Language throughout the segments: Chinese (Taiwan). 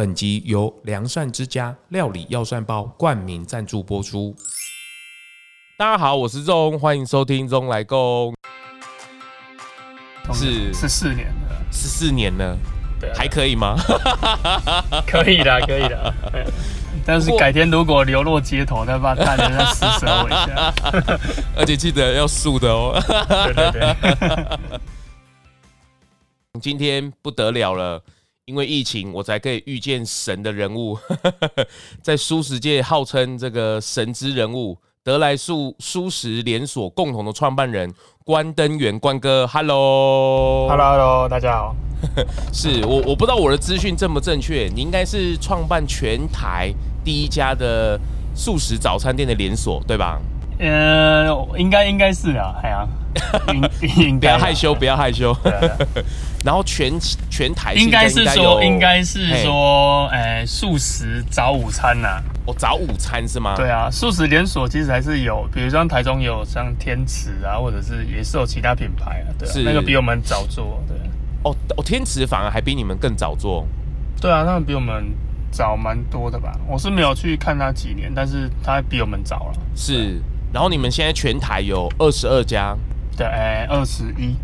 本集由良膳之嘉料理藥膳包冠名贊助播出。大家好，我是鐘，歡迎收聽鍾嚨來共，是十四年了，十四年了對啊，還可以嗎？可以的，可以的。 但是改天如果流落街頭，那 把大家再施捨我一下， 而且記得要素的哦。 對對對， 今天不得了了。因為疫情，我才可以遇見神的人物， 在素食界號稱這個神之人物，得來素素食連鎖共同的創辦人關登元關哥，Hello，Hello，Hello，hello, hello, 大家好， 是我，我不知道我的資訊正不正確，你應該是創辦全台第一家的素食早餐店的連鎖，對吧？呃、uh，應該應該是啊，哎呀、啊， 應應不要害羞，不要害羞。對啊，害羞，對啊對啊、 然後全全台應該是說，應該，應該是說，哎，素食早午餐吶、啊？我、哦、早午餐是嗎？對啊，素食連鎖其實還是有，比如像台中有像天池啊，或者是也是有其他品牌啊，對啊，那個比我們早做，對。哦，哦，天池反而還比你們更早做。對啊，那個、比我們早蠻多的吧？我是沒有去看他幾年，但是他比我們早了，是。然後你們現在全台有二十二家，對，哎，二十一，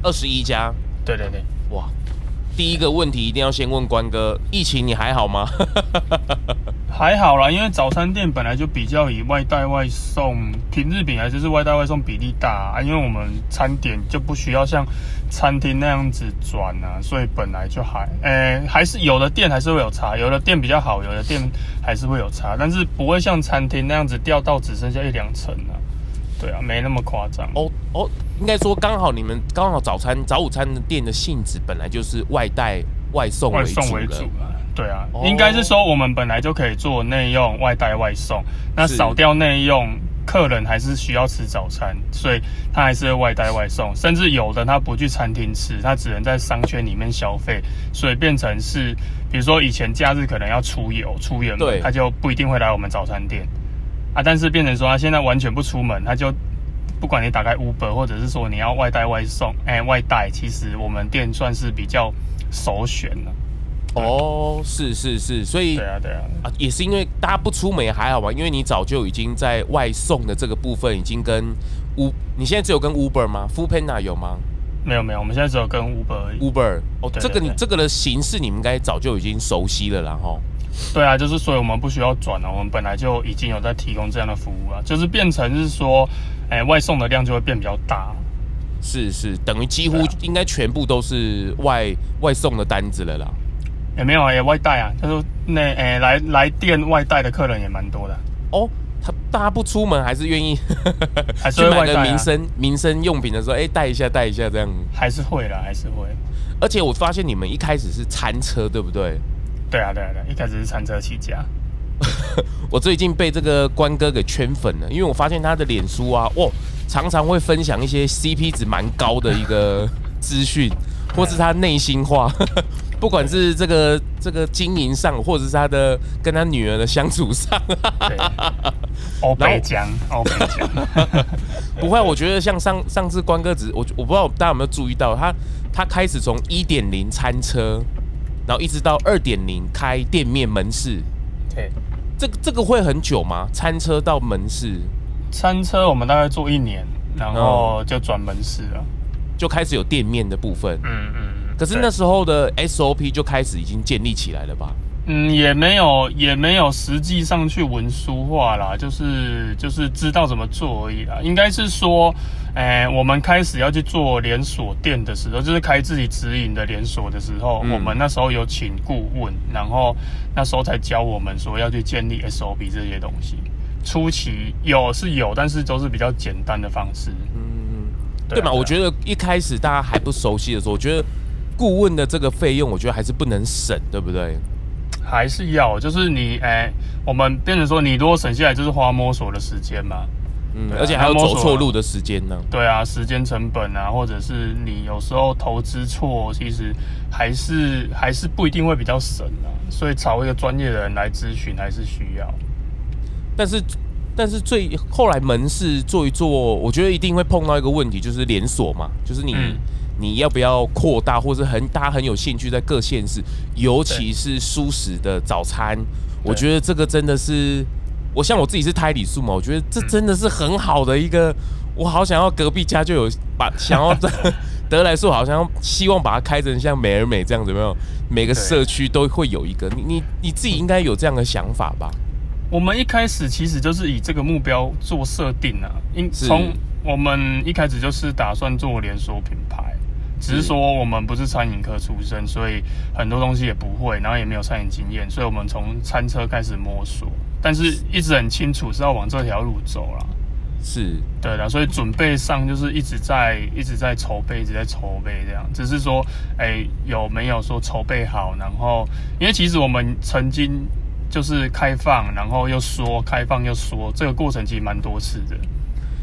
二十一家，對對對，哇，第一個問題一定要先問關哥，疫情你還好嗎？ 還好啦，因為早餐店本來就比較以外帶外送，平日本來就是外帶外送比例大，啊、因為我們餐點就不需要像餐廳那樣子轉啊，所以本來就還，誒、欸，還是有的店還是會有差，有的店比較好，有的店還是會有差，但是不會像餐廳那樣子掉到只剩下一兩成啊。對啊，沒那麼誇張。哦哦，應該說剛好你們剛好早餐早午餐的店的性質本來就是外帶外送為主了。外送為主了對啊，oh. 應該是說我們本來就可以做內用、外帶、外送。那少掉內用，客人還是需要吃早餐，所以他還是會外帶外送。甚至有的他不去餐廳吃，他只能在商圈裡面消費，所以變成是，比如說以前假日可能要出遊、出遠門，他就不一定會來我們早餐店啊。但是變成說他現在完全不出門，他就不管你打開 Uber，或者是說你要外帶外送，哎、欸，外帶其實我們店算是比較首選了、啊。哦，是是是，所以對啊對啊啊，也是因為大家不出門還好吧？因為你早就已經在外送的這個部分已經跟烏，u, 你現在只有跟 Uber 嗎？Foodpanda 有嗎？沒有沒有，我們現在只有跟 Uber 而已。Uber 哦對對對，這個你這個的形式你們應該早就已經熟悉了啦，然後對啊，就是所以我們不需要轉了，我們本來就已經有在提供這樣的服務了，就是變成是說，哎、呃，外送的量就會變比較大，是是，等於幾乎應該全部都是外外送的單子了啦。也沒有也外帶啊，他說那哎，來來店外帶的客人也蠻多的哦，他大家不出門還是願意，還是買個民生民生用品的時候哎，帶、欸、一下帶一下這樣，還是會的還是會，而且我發現你們一開始是餐車對不對？對啊對啊，對啊，一開始是餐車起家， 我最近被這個關哥給圈粉了，因為我發現他的臉書啊，哇、哦，常常會分享一些 CP 值蠻高的一個資訊、 啊，或是他內心話。 不管是這個這個經營上，或者是他的跟他女兒的相處上，歐 北講，歐北講，不會，我覺得像上上次關哥子，我我不知道大家有沒有注意到他，他開始從一點零餐車，然後一直到二點零開店面門市，對，這個這個會很久嗎？餐車到門市，餐車我們大概做一年，然後就轉門市了，就開始有店面的部分，嗯嗯。可是那時候的 SOP 就開始已經建立起來了吧？嗯，也沒有，也沒有實際上去文書化啦，就是就是知道怎麼做而已啦。應該是說，呃、欸，我們開始要去做連鎖店的時候，就是開自己直營的連鎖的時候，嗯，我們那時候有請顧問，然後那時候才教我們說要去建立 SOP 這些東西。初期有是有，但是都是比較簡單的方式。嗯嗯，對嘛、啊啊？我覺得一開始大家還不熟悉的時候，我覺得。顧問的這個費用，我覺得還是不能省，對不對？還是要，就是你，哎、欸，我們變成說，你如果省下來，就是花摸索的時間嘛，嗯，啊、而且還有走錯路的時間呢。對啊，時間成本啊，或者是你有時候投資錯，其實還是還是不一定會比較省啊。所以找一個專業的人來諮詢還是需要。但是，但是最後來門市做一做，我覺得一定會碰到一個問題，就是連鎖嘛，就是你。嗯你要不要擴大或是，或者很大家很有興趣在各縣市，尤其是蔬食的早餐，我覺得這個真的是，我像我自己是胎裡素嘛，我覺得這真的是很好的一個，嗯、我好想要隔壁家就有把想要 得來素，好像希望把它開成像美而美這樣子，沒有每個社區都會有一個，你你你自己應該有這樣的想法吧？我們一開始其實就是以這個目標做設定啊，因從我們一開始就是打算做連鎖品牌。只是說我們不是餐飲科出身，所以很多東西也不會，然後也沒有餐飲經驗，所以我們從餐車開始摸索，但是一直很清楚是要往這條路走啦。是對的，所以準備上就是一直在一直在籌備，一直在籌備這樣。只是說，哎、欸，有沒有說籌備好？然後，因為其實我們曾經就是開放，然後又說開放，又說這個過程其實蠻多次的。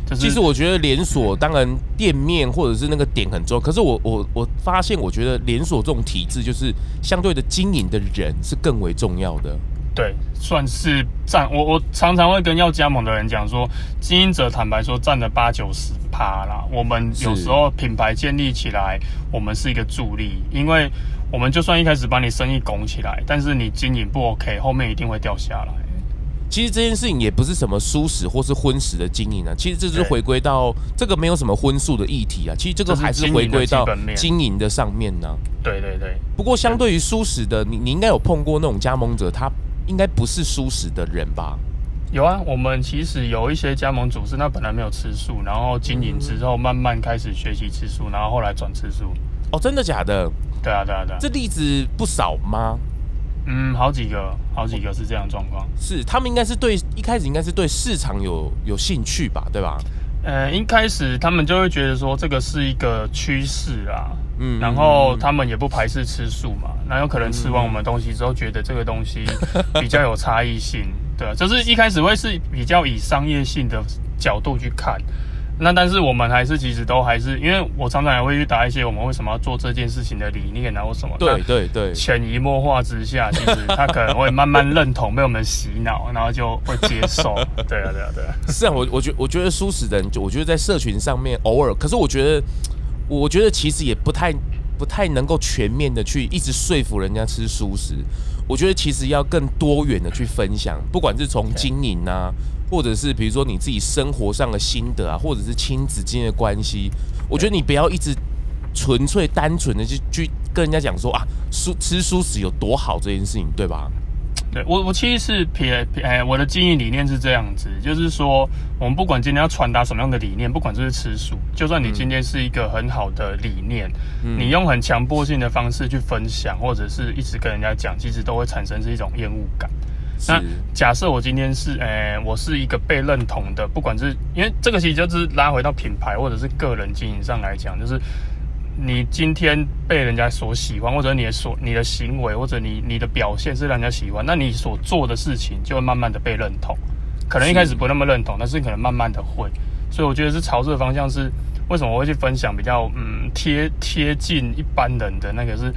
就是、其實我覺得連鎖當然店面或者是那個點很重要，可是我我我發現我覺得連鎖這種體制，就是相對的經營的人是更為重要的。對，算是占，我我常常會跟要加盟的人講說，經營者坦白說占了八九十趴啦。我們有時候品牌建立起來，我們是一個助力，因為我們就算一開始把你生意拱起來，但是你經營不 OK，後面一定會掉下來。其實這件事情也不是什麼蔬食或是葷食的經營啊，其實這是回歸到這個沒有什麼葷素的議題啊，其實這個還是回歸到經營的上面呢。對對對。不過相對於蔬食的，你你應該有碰過那種加盟者，他應該不是蔬食的人吧？有啊，我們其實有一些加盟主是，他本來沒有吃素，然後經營之後慢慢開始學習吃素，然後後來轉吃素。嗯、哦，真的假的？對啊對啊對啊。這例子不少嗎？嗯，好幾個，好幾個是這樣狀況。是，他們應該是對一開始應該是對市場有有興趣吧，對吧？呃，一開始他們就會覺得說這個是一個趨勢啊，嗯，然後他們也不排斥吃素嘛，那、嗯、有可能吃完我們東西之後覺得這個東西比較有差異性， 對，就是一開始會是比較以商業性的角度去看。那但是我們還是其實都還是，因為我常常也會去答一些我們為什麼要做這件事情的理念你、啊、或什麼？對對對，潛移默化之下，其實他可能會慢慢認同被我們洗腦，然後就會接受。 對啊對啊對啊，啊是啊，我我覺我覺得素食人，我覺得在社群上面偶爾，可是我覺得我覺得其實也不太不太能夠全面的去一直說服人家吃素食，我覺得其實要更多元的去分享，不管是從經營啊。Okay. 或者是比如說你自己生活上的心得啊，或者是親子之間的關係，我覺得你不要一直純粹單純的去去跟人家講說啊，蔬吃蔬食有多好這件事情，對吧？對我我其實是撇、欸、我的經營理念是這樣子，就是說我們不管今天要傳達什麼樣的理念，不管就是吃蔬，就算你今天是一個很好的理念，嗯、你用很強迫性的方式去分享，或者是一直跟人家講，其實都會產生是一種厭惡感。那假設我今天是，誒、呃，我是一個被認同的，不管是因為這個其實就是拉回到品牌或者是個人經營上來講，就是你今天被人家所喜歡，或者你的所你的行為或者你你的表現是讓人家喜歡，那你所做的事情就會慢慢的被認同，可能一開始不那麼認同，但是可能慢慢的會，所以我覺得是朝這個方向是為什麼我會去分享比較嗯貼貼近一般人的那個是。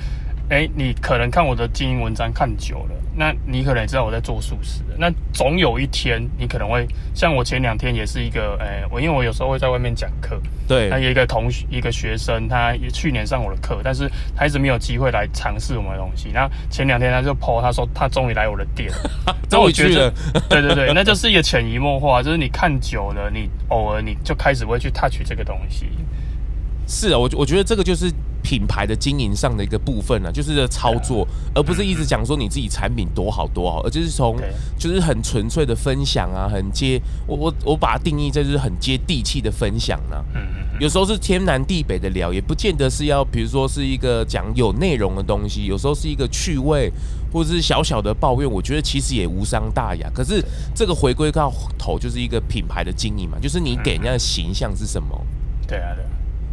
哎，你可能看我的經營文章看久了，那你可能也知道我在做素食。那總有一天，你可能會像我前兩天也是一個，哎，我因為我有時候會在外面講課，對，那有一個同學一個學生，他去年上我的課，但是他一直沒有機會來嘗試我們的東西。那前兩天他就 po，他說他終於來我的店，啊、終於去了。我覺得對對對， 那就是一個潛移默化，就是你看久了，你偶爾你就開始會去 touch 這個東西。是啊，我我覺得這個就是品牌的經營上的一個部分呢、啊，就是操作，Yeah. 而不是一直講說你自己產品多好多好，而就是從就是很純粹的分享啊，很接我我我把它定義這是很接地氣的分享呢、啊。嗯、mm-hmm. 有時候是天南地北的聊，也不見得是要比如說是一個講有內容的東西，有時候是一個趣味或者是小小的抱怨，我覺得其實也無傷大雅。可是這個回歸到頭就是一個品牌的經營嘛，就是你給人家的形象是什麼？對啊，對。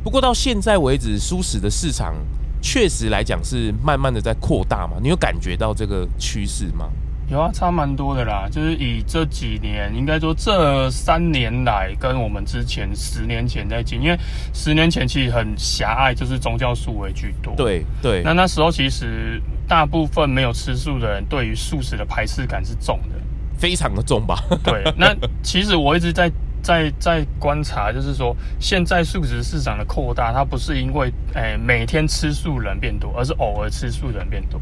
不過到現在為止，素食的市場確實來講是慢慢的在擴大嘛？你有感覺到這個趨勢嗎？有啊，差蠻多的啦。就是以這幾年，應該說這三年來，跟我們之前十年前在講，因為十年前其實很狹隘，就是宗教素為居多。對對。那那時候其實大部分沒有吃素的人，對於素食的排斥感是重的，非常的重吧？ 對。那其實我一直在。在在觀察，就是說，現在素食市場的擴大，它不是因為哎每天吃素人變多，而是偶爾吃素人變多。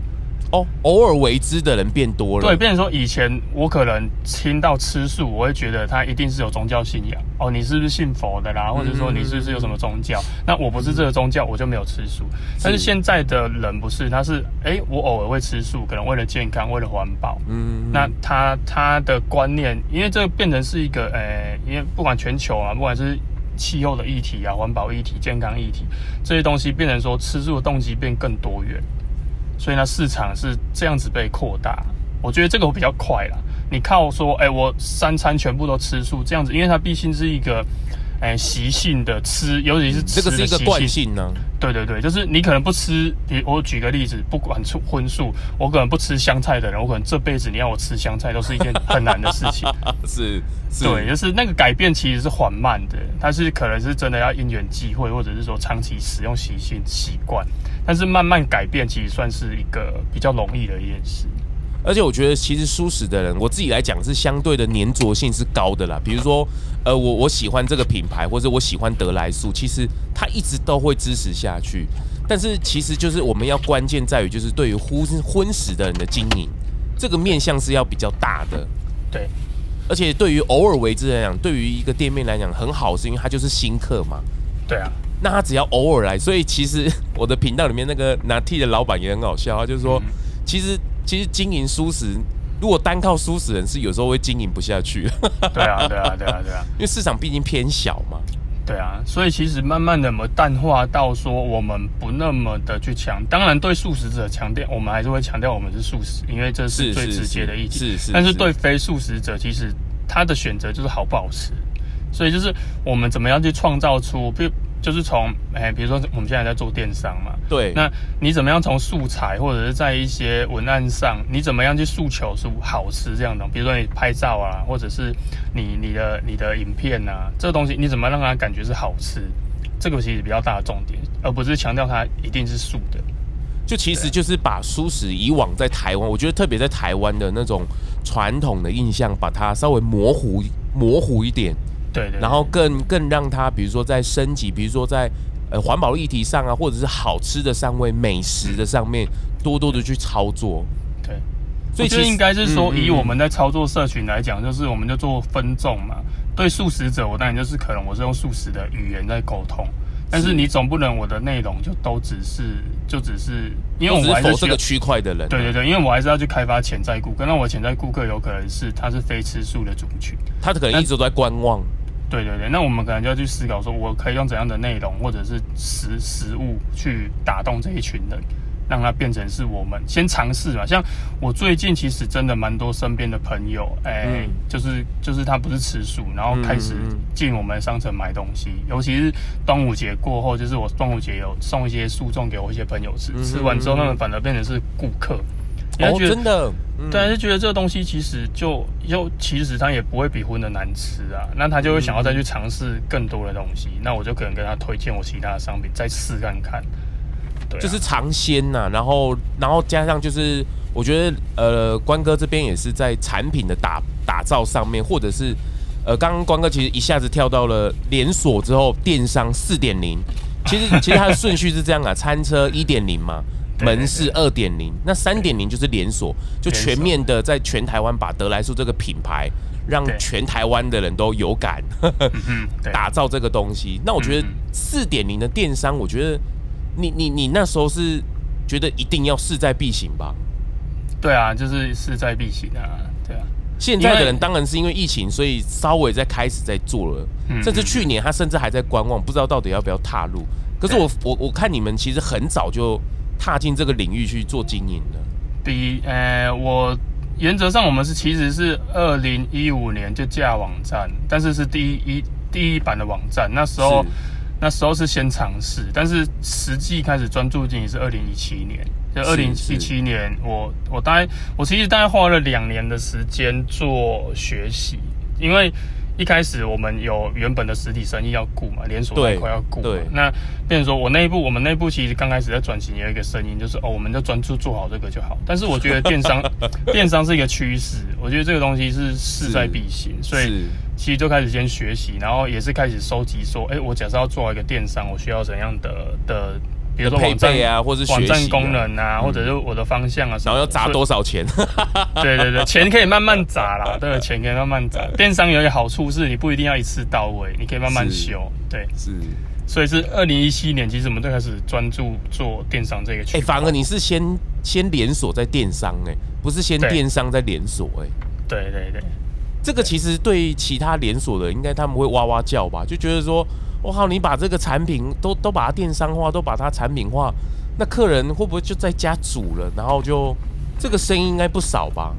偶爾為之的人變多了，對，變成說以前我可能聽到吃素，我會覺得他一定是有宗教信仰哦，你是不是信佛的啦？或者說你是不是有什麼宗教？嗯、哼哼那我不是這個宗教、嗯，我就沒有吃素。但是現在的人不是，他是哎、欸，我偶爾會吃素，可能為了健康，為了環保。嗯，那他他的觀念，因為這變成是一個，呃、欸，因為不管全球啊，不管是氣候的議題啊、環保議題、健康議題，這些東西變成說吃素的動機變更多元。所以呢，市場是這樣子被擴大，我覺得這個會比較快啦。你靠我說，誒、欸、我三餐全部都吃素這樣子，因為它畢竟是一個，誒、欸、習性的吃，尤其是吃習、嗯、這個是一個習性呢、啊。對對對，就是你可能不吃，我舉個例子，不管葷素，我可能不吃香菜的人，我可能這輩子你要我吃香菜都是一件很難的事情。 是，是，對，就是那個改變其實是緩慢的，它是可能是真的要因緣際會，或者是說長期使用習性習慣。習慣但是慢慢改變，其實算是一個比較容易的一件事。而且我覺得，其實蔬食的人，我自己來講是相對的粘着性是高的啦。比如說，呃，我我喜歡這個品牌，或者我喜歡得來素，其實他一直都會支持下去。但是，其實就是我們要關鍵在於，就是對於葷葷食的人的經營，這個面向是要比較大的。對。而且，對於偶爾為之來講，對於一個店面來講，很好是因為他就是新客嘛。對啊。那他只要偶爾來，所以其實我的頻道裡面那個拿鐵的老闆也很好笑。啊，他就是說，嗯、其實其實經營素食，如果單靠素食人是有時候會經營不下去。對啊，對啊，對啊，對啊，因為市場畢竟偏小嘛。對啊，所以其實慢慢的我們淡化到說我們不那麼的去強，當然對素食者強調，我們還是會強調我們是素食，因為這是最直接的一點。是是。但是對非素食者，其實他的選擇就是好不好吃，所以就是我們怎麼樣去創造出比如。就是從哎、欸，比如說我們現在在做電商嘛，對，那你怎麼樣從素材或者是在一些文案上，你怎麼樣去訴求是好吃這樣的？比如說你拍照啊，或者是你你的你的影片啊，這個、東西你怎麼讓他感覺是好吃？這個其實比較大的重點，而不是強調它一定是素的。就其實就是把素食以往在台灣，我覺得特別在台灣的那種傳統的印象，把它稍微模糊模糊一點。對，對，對，然後更更讓他，比如說在升級，比如說在，呃，環保議題上啊，或者是好吃的上位美食的上面，多多的去操作。對，所以就應該是說，以我們在操作社群來講，嗯嗯，就是我們就做分眾嘛。對素食者，我當然就是可能我是用素食的語言在溝通，但是你總不能我的內容就都只是就只是，因為我，我還是是這個區塊的人，啊。對對對，因為我還是要去開發潛在顧客。那我潛在顧客有可能是他是非吃素的族群，他可能一直都在觀望。對對對，那我們可能就要去思考，說我可以用怎樣的內容或者是食食物，去打動這一群人，讓他變成是我們先嘗試吧。像我最近其實真的蠻多身邊的朋友，哎，嗯、就是就是他不是吃素，然後開始進我們商城買東西。嗯嗯嗯，尤其是端午節過後，就是我端午節有送一些素粽給我一些朋友吃，嗯嗯嗯嗯，吃完之後，他們反而變成是顧客。他、哦、真的但、嗯、是覺得這個東西其實就又其實他也不會比葷的難吃啊，那他就會想要再去嘗試更多的東西，嗯、那我就可能跟他推薦我其他的商品再試看看，對、啊，就是嘗鮮吶、啊，然後然後加上就是我覺得呃關哥這邊也是在產品的打打造上面，或者是呃剛剛關哥其實一下子跳到了連鎖之後電商四點零，其實其實他的順序是這樣啊， 餐車一點零嘛。對對對，門市二點零，那三點零就是連鎖，就全面的在全台灣把得來素這個品牌，讓全台灣的人都有感呵呵，打造這個東西。那我覺得四點零的電商，我覺得你你你那時候是覺得一定要勢在必行吧？對啊，就是勢在必行啊，對啊。現在的人當然是因為疫情，所以稍微在開始在做了。甚至去年他甚至還在觀望，不知道到底要不要踏入。可是我我我看你們其實很早就。踏進這個領域去做經營的，比呃，我原則上我們是其實是二零一五年就架網站，但是是第一第一版的網站，那時候那時候是先嘗試，但是實際開始專注經營是二零一七年，就二零一七年是是我我大概我其實大概花了兩年的時間做學習，因為。一開始我們有原本的實體生意要顧嘛，連鎖那塊要顧嘛。那變成說我，我內部我們內部其實剛開始在轉型，也有一個聲音就是，哦，我們就專注做好這個就好。但是我覺得電商， 電商是一個趨勢，我覺得這個東西是勢在必行，所以其實就開始先學習，然後也是開始收集說，哎、欸，我假設要做好一個電商，我需要怎樣的的。比如說網站配備啊，或者是，啊，網站功能啊，嗯，或者是我的方向啊，然後要砸多少錢？ 對對對，錢可以慢慢砸啦， 對，錢可以慢慢砸。 電商有一個好處是，你不一定要一次到位，你可以慢慢修。對，是。所以是二零一七年，其實我們就開始專注做電商這個區塊。哎，欸，反而你是先先連鎖再電商哎，欸，不是先電商再連鎖哎，欸。對對，對對對，這個其實對其他連鎖的，應該他們會哇哇叫吧，就覺得說。我靠！你把這個產品都都把它電商化，都把它產品化，那客人會不會就在家煮了？然後就這個生意應該不少吧？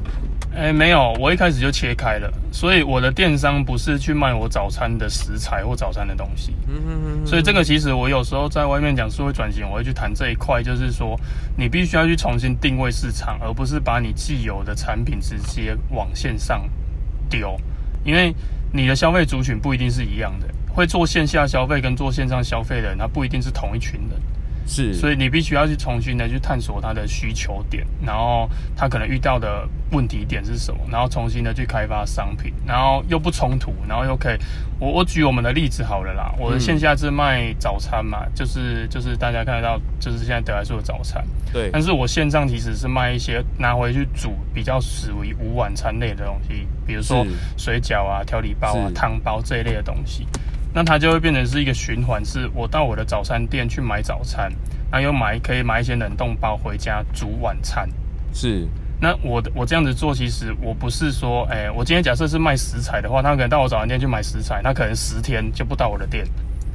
哎，沒有，我一開始就切開了，所以我的電商不是去賣我早餐的食材或早餐的東西。嗯嗯嗯，嗯。所以這個其實我有時候在外面講是會轉型，我會去談這一塊，就是說你必須要去重新定位市場，而不是把你既有的產品直接往線上丟，因為你的消費族群不一定是一樣的。會做線下消費跟做線上消費的人，他不一定是同一群人，是，所以你必須要去重新的去探索他的需求點，然後他可能遇到的問題點是什麼，然後重新的去開發商品，然後又不衝突，然後又可以，我我舉我們的例子好了啦，我的線下是賣早餐嘛，嗯、就是就是大家看得到，就是現在得來素的早餐，對，但是我線上其實是賣一些拿回去煮比較屬於午晚餐類的東西，比如說水餃啊、調理包啊、湯包這一類的東西。那它就會變成是一個循環，是我到我的早餐店去買早餐，然後又買可以買一些冷凍包回家煮晚餐。是，那我的我這樣子做，其實我不是說，哎、欸，我今天假設是賣食材的話，他可能到我早餐店去買食材，那可能十天就不到我的店，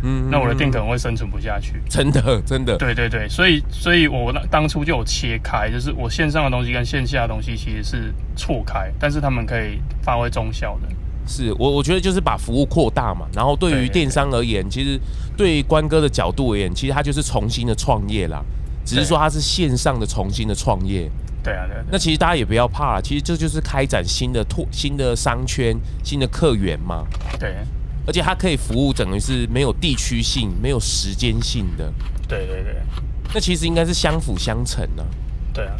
嗯，嗯，嗯，那我的店可能會生存不下去。真的，真的，對對對，所以，所以我當初就有切開，就是我線上的東西跟線下的東西其實是錯開，但是他們可以發揮中效的。是我，我覺得就是把服務擴大嘛。然後對於電商而言，其實對於關哥的角度而言，其實他就是重新的創業啦，只是說他是線上的重新的創業。對啊，對啊，對啊。那其實大家也不要怕，其實這就是開展新的拓、新的商圈、新的客源嘛。對。而且它可以服務整個是沒有地區性、沒有時間性的。對對對。那其實應該是相輔相成的。對啊。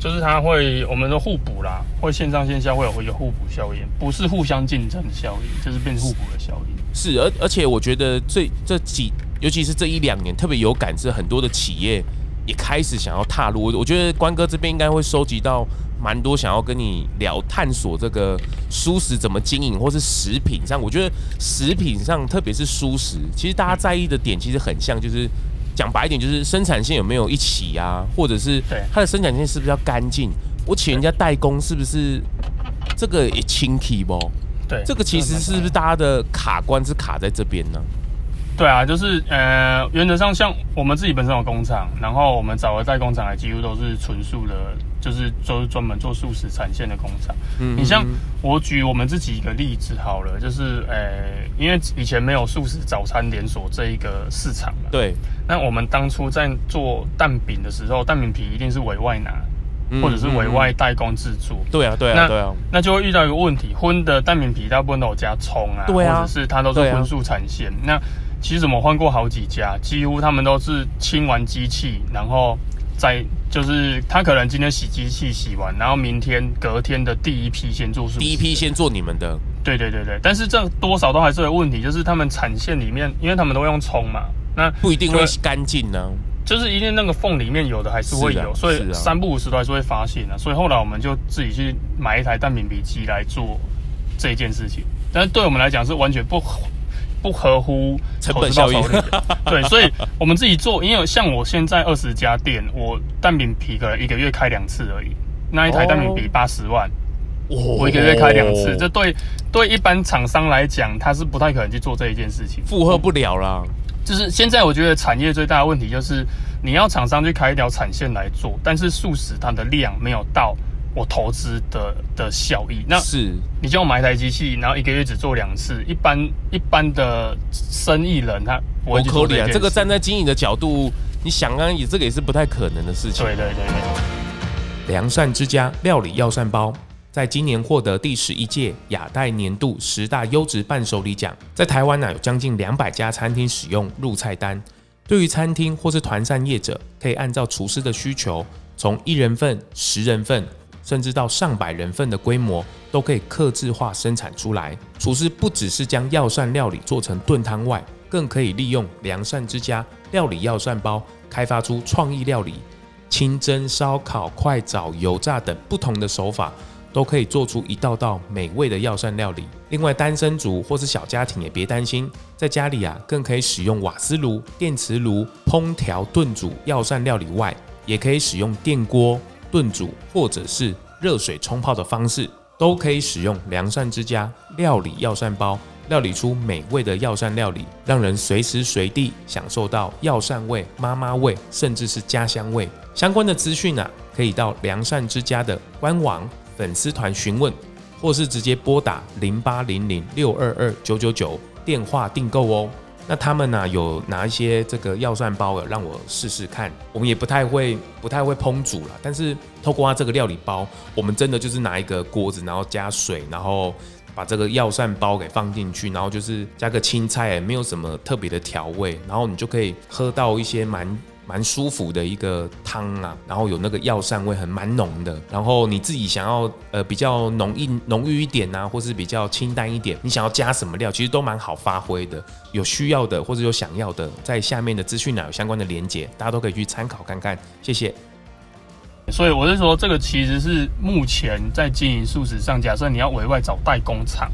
就是它會，我們說互補啦，會線上線下會有會有互補效應，不是互相競爭的效應，就是變成互補的效應。是，而而且我覺得最這幾，尤其是這一兩年特別有感知很多的企業也開始想要踏入。我覺得關哥這邊應該會收集到蠻多想要跟你聊探索這個蔬食怎麼經營，或是食品上，我覺得食品上特別是蔬食，其實大家在意的點其實很像，就是。講白一點，就是生產線有沒有一起啊？或者是它的生產線是不是要乾淨？我請人家代工，是不是這個也清氣不？對，這個其實是不是大家的卡關是卡在這邊呢、啊？對啊，就是呃，原則上像我們自己本身有工廠，然後我們找了代工廠，還幾乎都是純素的，就是做專門做素食產線的工廠。嗯，嗯。你像我舉我們自己一個例子好了，就是呃，因為以前沒有素食早餐連鎖這一個市場嘛。對。那我們當初在做蛋餅的時候，蛋餅皮一定是委外拿嗯嗯嗯，或者是委外代工制作。對啊，對啊，對啊那。那就會遇到一個問題，葷的蛋餅皮大部分都有加蔥啊，對啊，或者是它都是葷素產線，啊、那。其實我們換過好幾家，幾乎他們都是清完機器，然後再就是他可能今天洗機器洗完，然後明天隔天的第一批先做是不是？第一批先做你們的？對對對對，但是這多少都還是有問題，就是他們產線裡面，因為他們都會用沖嘛，那不一定會乾淨呢、啊，就是一定那個縫裡面有的還是會有，啊啊、所以三不五時都還是會發現的、啊，所以後來我們就自己去買一台單品機來做這件事情，但是對我們來講是完全不。不合乎成本效益，對，所以，我們自己做，因為像我現在二十家店，我蛋餅皮可能一個月開兩次而已，那一台蛋餅皮八十萬，我一個月開兩次，這對對一般廠商來講，他是不太可能去做這一件事情，負荷不了啦。就是現在，我覺得產業最大的問題就是你要廠商去開一條產線來做，但是素食它的量沒有到。我投資的的效益，那是你就要買一台機器，然後一個月只做兩次。一般一般的生意人他我可以啊，這個站在經營的角度，你想啊，也這個也是不太可能的事情。對對對，對。良膳之嘉料理藥膳包，在今年獲得第十一屆亞代年度十大優質伴手禮獎，在台灣呢、啊、有將近兩百家餐廳使用入菜單。對於餐廳或是團膳業者，可以按照廚師的需求，從一人份、十人份。甚至到上百人份的規模都可以客製化生產出來。廚師不只是將藥膳料理做成燉湯外，更可以利用良膳之嘉料理藥膳包，開發出創意料理，清蒸、燒烤、快炒、油炸等不同的手法，都可以做出一道道美味的藥膳料理。另外，單身族或是小家庭也別擔心，在家裡啊更可以使用瓦斯爐、電磁爐烹調燉煮藥膳料理外，也可以使用電鍋。燉煮或者是熱水沖泡的方式，都可以使用良膳之嘉料理藥膳包，料理出美味的藥膳料理，讓人隨時隨地享受到藥膳味、媽媽味，甚至是家鄉味。相關的資訊啊，可以到良膳之嘉的官網、粉絲團詢問，或是直接撥打零八零零六二二九九九電話訂購哦。那他們呢、啊、有拿一些這個藥膳包讓我試試看。我們也不太會，不太會烹煮了。但是透過它這個料理包，我們真的就是拿一個鍋子，然後加水，然後把這個藥膳包給放進去，然後就是加個青菜，也沒有什麼特別的調味，然後你就可以喝到一些蠻。蠻舒服的一個湯啊，然後有那個藥膳味很蠻濃的，然後你自己想要呃比較濃郁濃郁一點啊，或是比較清淡一點，你想要加什麼料，其實都蠻好發揮的。有需要的或者有想要的，在下面的資訊欄有相關的連結，大家都可以去參考看看。謝謝。所以我是說，這個其實是目前在經營素食上，假設你要委外找代工廠，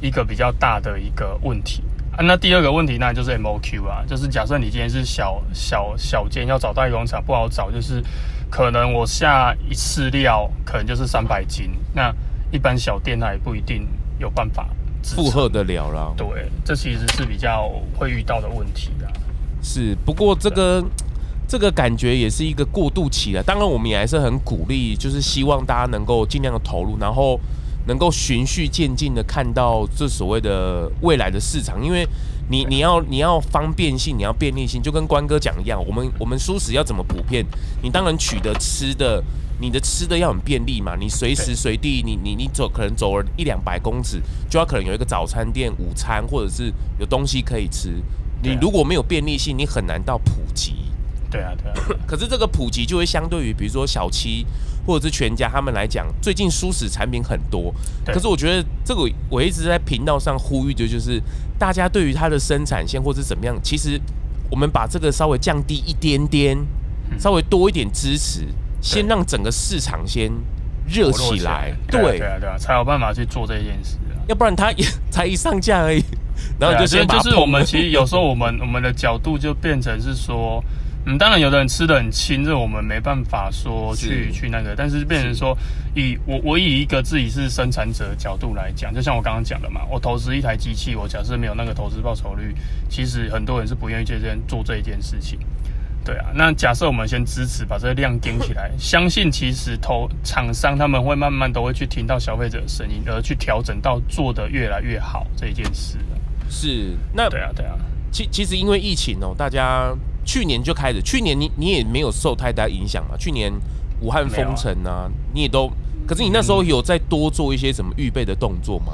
一個比較大的一個問題。那第二個問題呢，就是 MOQ 啊，就是假設你今天是小小小間，要找代工廠不好找，就是可能我下一次料可能就是三百斤，那一般小店它也不一定有辦法負荷得了了。對，這其實是比較會遇到的問題啊。是，不過這個這個感覺也是一個過渡期啦，當然我們也還是很鼓勵，就是希望大家能夠盡量的投入，然後。能夠循序漸進的看到這所謂的未來的市場，因為你你要你要方便性，你要便利性，就跟關哥講一樣，我們我們蔬食要怎麼普遍？你當然取得吃的，你的吃的要很便利嘛，你隨時隨地，你你你走可能走了一兩百公尺，就要可能有一個早餐店、午餐，或者是有東西可以吃。你如果沒有便利性，你很難到普及。對啊，對啊。對啊對啊，可是這個普及就會相對於，比如說小七。或者是全家他們來講，最近蔬食產品很多，可是我覺得這個我一直在頻道上呼籲的就是，大家對於它的生產線或者怎麼樣，其實我們把這個稍微降低一點點，嗯、稍微多一點支持，先讓整個市場先熱起,起來，對對啊對啊,對啊，才有辦法去做這件事啊，要不然它也才一上架而已，然後就先把、啊、就是我們其實有時候我們 我們的角度就變成是說。嗯，當然，有的人吃的很輕，這我們沒辦法說去去那個。但是變成說，以我我以一個自己是生產者角度來講，就像我剛剛講的嘛，我投資一台機器，我假設沒有那個投資報酬率，其實很多人是不願意在這邊做這一件事情。對啊，那假設我們先支持把這個量頂起來， 相信其實投廠商他們會慢慢都會去聽到消費者的聲音，而去調整到做得越來越好這一件事。是，那對啊對啊，其其實因為疫情哦，大家。去年就開始，去年你你也沒有受太大影響嘛？去年武漢封城啊,啊，你也都，可是你那時候有在多做一些什麼預備的動作嗎？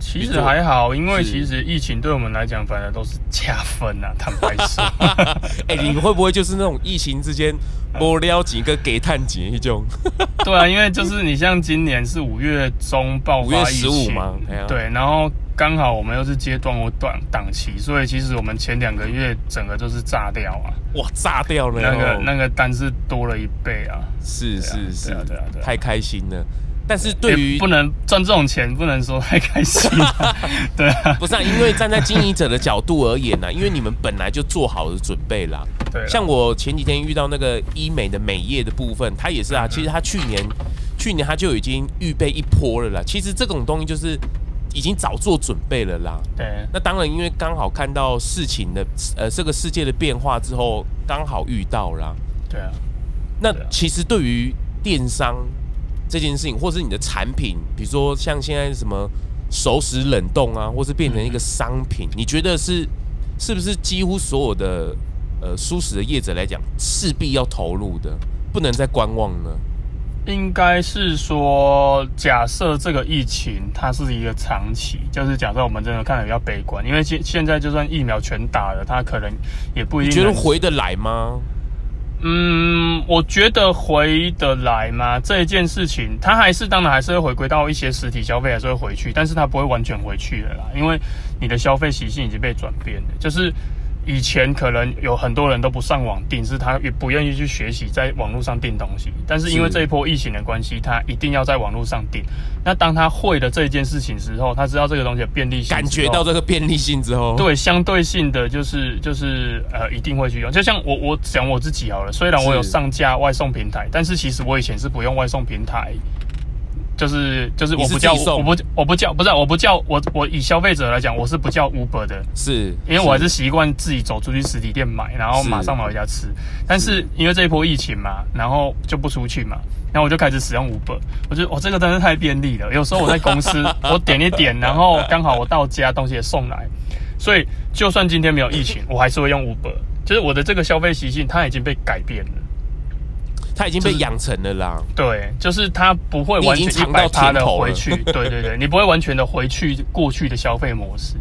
其實還好，因為其實疫情對我們來講，反而都是加分啊，坦白說。哎、 欸，你會不會就是那種疫情之間多撩幾個給碳幾那種？ 對啊，因為就是你像今年是五月中爆發五月十五嘛，對，然後。剛好我們又是階段我檔檔期，所以其實我們前兩個月整個都是炸掉啊！哇，炸掉了，哦！那個那個單是多了一倍啊！是啊是是，是啊，啊，啊，對啊，太開心了！但是對於不能賺這種錢，不能說太開心了。 對啊，不是，啊，因為站在經營者的角度而言呢，啊， 因為你們本來就做好了準備啦。對，啊，像我前幾天遇到那個醫美的美業的部分，他也是啊，其實他去年，嗯、去年他就已經預備一波了啦。其實這種東西就是。已經早做準備了啦。對。那當然，因為剛好看到事情的呃這個世界的變化之後，剛好遇到啦。對啊。那其實對於電商這件事情，或是你的產品，比如說像現在什麼熟食冷凍啊，或是變成一個商品，嗯、你覺得是是不是幾乎所有的呃蔬食的業者來講，勢必要投入的，不能再觀望呢？應該是說，假設這個疫情它是一個長期，就是假設我們真的看得比較悲觀，因為現現在就算疫苗全打了，它可能也不一定。你覺得回得來嗎？嗯，我覺得回得來嗎？這件事情，它還是當然還是會回歸到一些實體消費還是會回去，但是它不會完全回去了啦，因為你的消費習性已經被轉變了，就是。以前可能有很多人都不上網訂，是他也不願意去學習在網絡上訂東西。但是因為這一波疫情的關係，他一定要在網絡上訂。那當他會了這一件事情之後，他知道這個東西的便利性，感覺到這個便利性之後，對，相對性的就是就是呃一定會去用。就像我我想我自己好了，雖然我有上架外送平台，但是其實我以前是不用外送平台。就是就是我不叫我不我不叫不是，啊、我不叫我我以消費者來講，我是不叫 Uber 的，是，因為我還是習慣自己走出去實體店買，然後馬上買回家吃。但是因為這一波疫情嘛，然後就不出去嘛，然後我就開始使用 Uber，我覺得我這個真的是太便利了。有時候我在公司 我點一點，然後剛好我到家東西也送來，所以就算今天沒有疫情，我還是會用 Uber。就是我的這個消費習性它已經被改變了。它已經被養成了啦，就是、對，就是它不會完全的回去，你已經嘗到甜頭了。 對對對，你不會完全的回去過去的消費模式。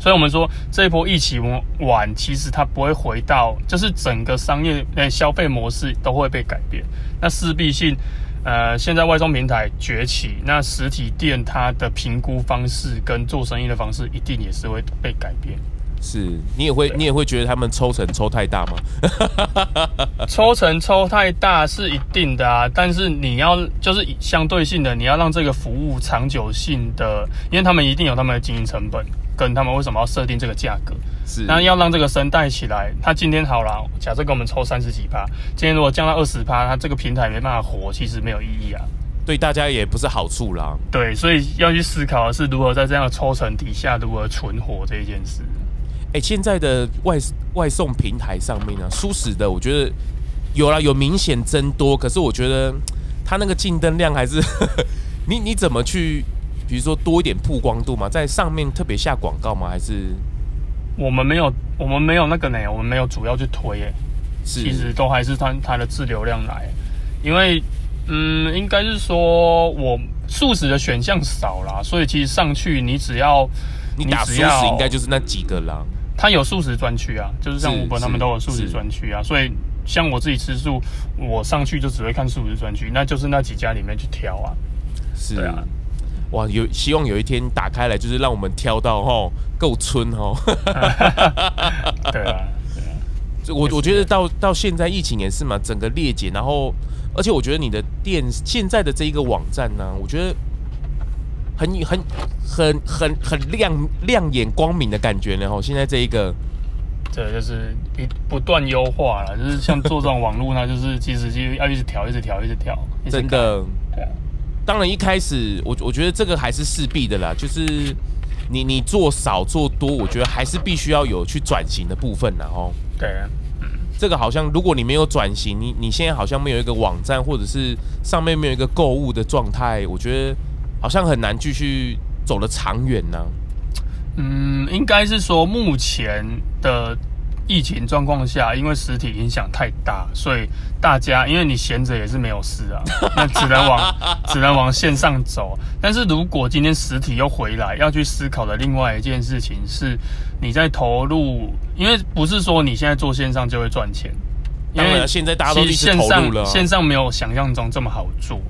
所以，我們說這一波疫情完，其實它不會回到，就是整個商業誒消費模式都會被改變。那勢必性，呃，現在外送平台崛起，那實體店它的評估方式跟做生意的方式一定也是會被改變。是你也會，你也會覺得他們抽成抽太大嗎？ 抽成抽太大是一定的啊，但是你要就是相對性的，你要讓這個服務長久性的，因為他們一定有他們的經營成本，跟他們為什麼要設定這個價格，是那要讓這個生帶起來，他今天好了，假設給我們抽三十幾趴，今天如果降到二十趴，他這個平台沒辦法活，其實沒有意義啊，對大家也不是好處啦，對，所以要去思考的是如何在這樣的抽成底下如何存活這一件事。誒、欸，現在的外外送平台上面呢、啊，素食的我覺得有了有明顯增多，可是我覺得它那個競爭量還是呵呵你你怎麼去，比如說多一點曝光度嘛，在上面特別下廣告嗎？還是我們沒有，我們沒有那個呢，我們沒有主要去推耶，其實都還是它它的自流量來，因為嗯，應該是說我素食的選項少啦，所以其實上去你只要，你，只要你打素食應該就是那幾個啦。他有素食專區啊，就是像吳本他們都有素食專區啊，所以像我自己吃素，我上去就只會看素食專區，那就是那幾家裡面去挑啊。是啊，哇，有希望有一天打開來，就是讓我們挑到吼夠村哦。對啊，對啊，我我覺得到到現在疫情也是嘛，整個裂解，然後而且我覺得你的店現在的這一個網站呢、啊，我覺得。很很很很很亮亮眼光明的感覺，然後現在這一個，這個、就是一不斷優化了，就是像做這種網絡 它，就是其實就要一直調，一直調，一直調，真的，對、啊、當然一開始我我覺得這個還是勢必的啦，就是你你做少做多，我覺得還是必須要有去轉型的部分的哦、喔。對、啊，這個好像如果你沒有轉型，你你現在好像沒有一個網站，或者是上面沒有一個購物的狀態，我覺得。好像很難繼續走得長遠呢。嗯，應該是說目前的疫情狀況下，因為實體影響太大，所以大家因為你閒着也是沒有事啊，那只能往 只能往線上走。但是如果今天實體又回來，要去思考的另外一件事情是，你在投入，因為不是說你現在做線上就會賺錢，因為現在大家都投入了，線上沒有想象中這麼好做。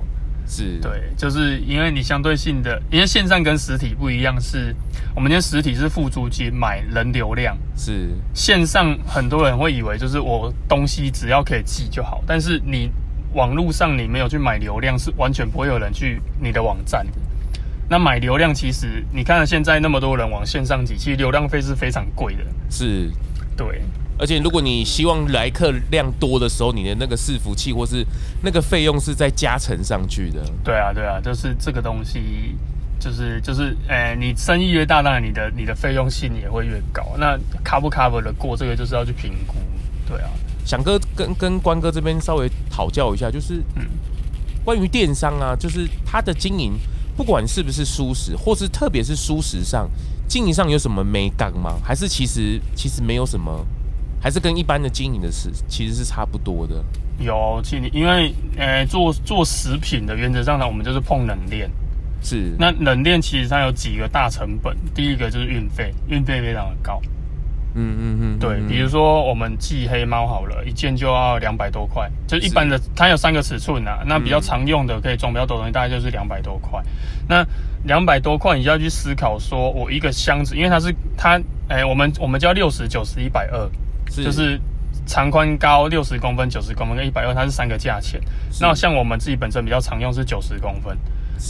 對，就是因為你相對性的，因為線上跟實體不一樣，是我們今天實體是付租金買人流量，是線上很多人會以為就是我東西只要可以寄就好，但是你網絡上你沒有去買流量，是完全不會有人去你的網站。那買流量其實你看現在那麼多人往線上寄，其實流量費是非常貴的，是，對。而且，如果你希望來客量多的時候，你的那個伺服器或是那個費用是在加成上去的。對啊，對啊，就是這個東西，就是就是，哎，你生意越大，那你的你的費用性也會越高。那 cover cover 的過這個，就是要去評估。對啊，翔哥跟跟關哥這邊稍微討教一下，就是嗯，關於電商啊，就是他的經營，不管是不是蔬食，或是特別是蔬食上經營上有什麼美感嗎？還是其實其實沒有什麼？還是跟一般的經營的是其實是差不多的。有，因為呃、欸、做做食品的原則上呢，我們就是碰冷鏈。是。那冷鏈其實它有幾個大成本，第一個就是運費，運費非常的高。嗯嗯嗯。對，比如說我們寄黑貓好了，嗯、一件就要兩百多塊，就一般的是它有三個尺寸呢、啊，那比較常用的可以裝比較多東西，嗯、大概就是兩百多塊。那兩百多塊，你就要去思考說，說我一個箱子，因為它是它，哎、欸，我們我們叫六十九十一百二。是，就是長寬高六十公分，九十公分跟一百二，它是三個價錢。那像我們自己本身比較常用是九十公分，